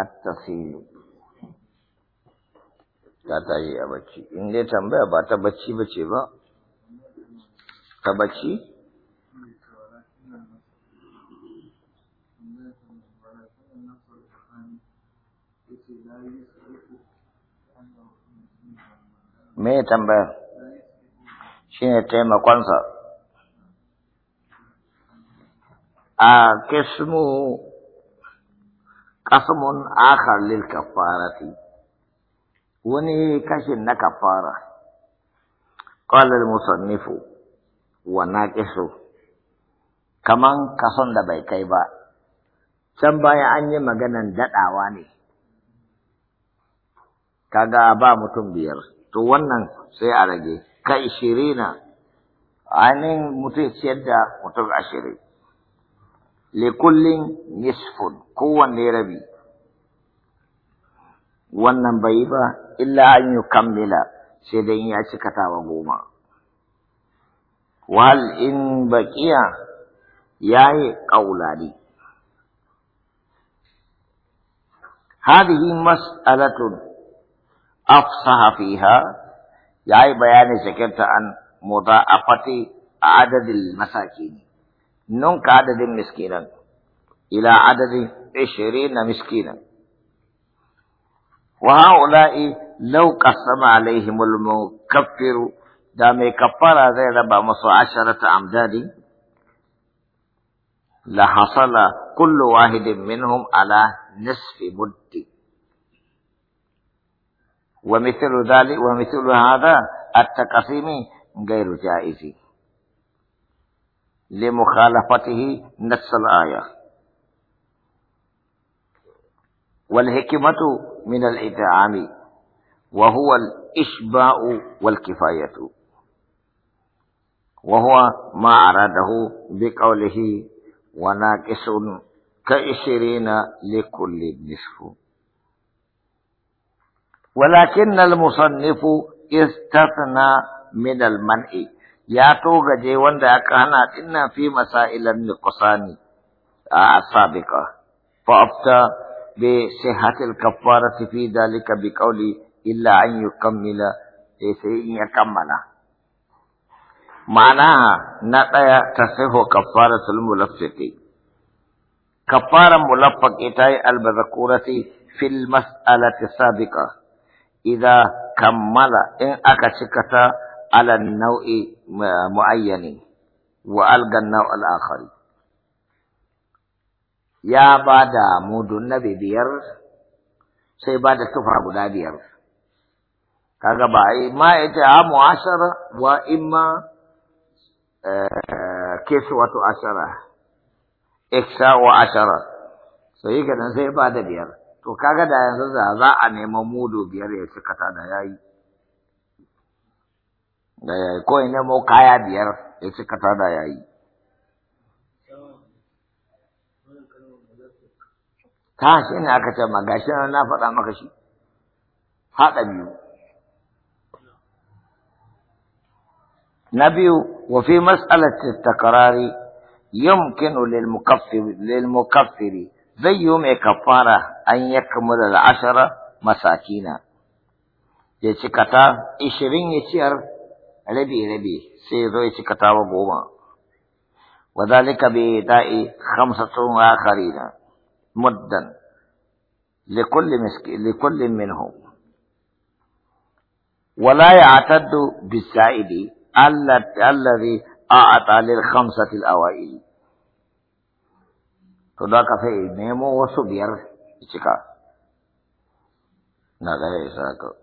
at ta ta yi a bacci in dai tambaya ba ta bacci ce ba ta bacci me tambaya ne taimakonsa a kismu qasmun akhar lil kafarati wani kashin na kafara qala al musannifu wa naqisu kaman kason da bai kai ba can baya an yi maganan daɗawa ne kaga ba mutum biyar to wannan sai a rage ka ishirina ainihin mutum ciyar da mutum ashirin likullin nisfun kowanne rabi wannan bai ba illa an yi kammila sai dai ya cika tawa goma wal in baqiya yayi qaulani هذه مسألة أفصح فيها يعني بيان سكت عن مضاعفة عدد المساكين ننك عدد مسكينا إلى عدد عشرين مسكينا وهؤلاء لو قسم عليهم المكفر دام كفر زي ربع مصر عشرة أمداد لحصل كل واحد منهم على نصف مد ومثل ذلك ومثل هذا التقسيم غير جائز لمخالفته نص الآية والحكمة من الإدعام وهو الإشباء والكفاية وهو ما أراده بقوله وناقص كعشرين لكل نصف ولكن المصنف استثنى من المنئ يا togaje wanda aka hana كنا في مسائل nuqsani آه، السابقة فأبتى بصحة الكفارة في ذلك بقولي إلا أن يكمل إيه، يكمل معناها نقيا تصح كفارة الملفق كفارة ملفق إتاي البذكورة في المسألة السابقة إذا كمل إن أكشكتا على النوع معين وألقى النوع الآخر يا بعد مود النبي بير سي بعد كفا بدا بير كذا ما اتعام عشرة وإما آه، كسوة عشرة إكساء وعشرة سي كذا سي بعد بير تو كذا دا ينزل بير يسكت هذا ko ina mo kaya biyar yace kata da yayi ta shi ne aka نبي وفي مسألة التكرار يمكن للمكفر للمكفر زي يوم كفارة أن يكمل العشرة مساكينا. يتكتا 20 يتير ربي ربي سيدوي كتاب بوبا وذلك بإيتاء خمسة آخرين مدا لكل مسكين لكل منهم ولا يعتد بالسائد الذي أعطى للخمسة الأوائل تدا كفي نيمو وصبير چکا نہ رہے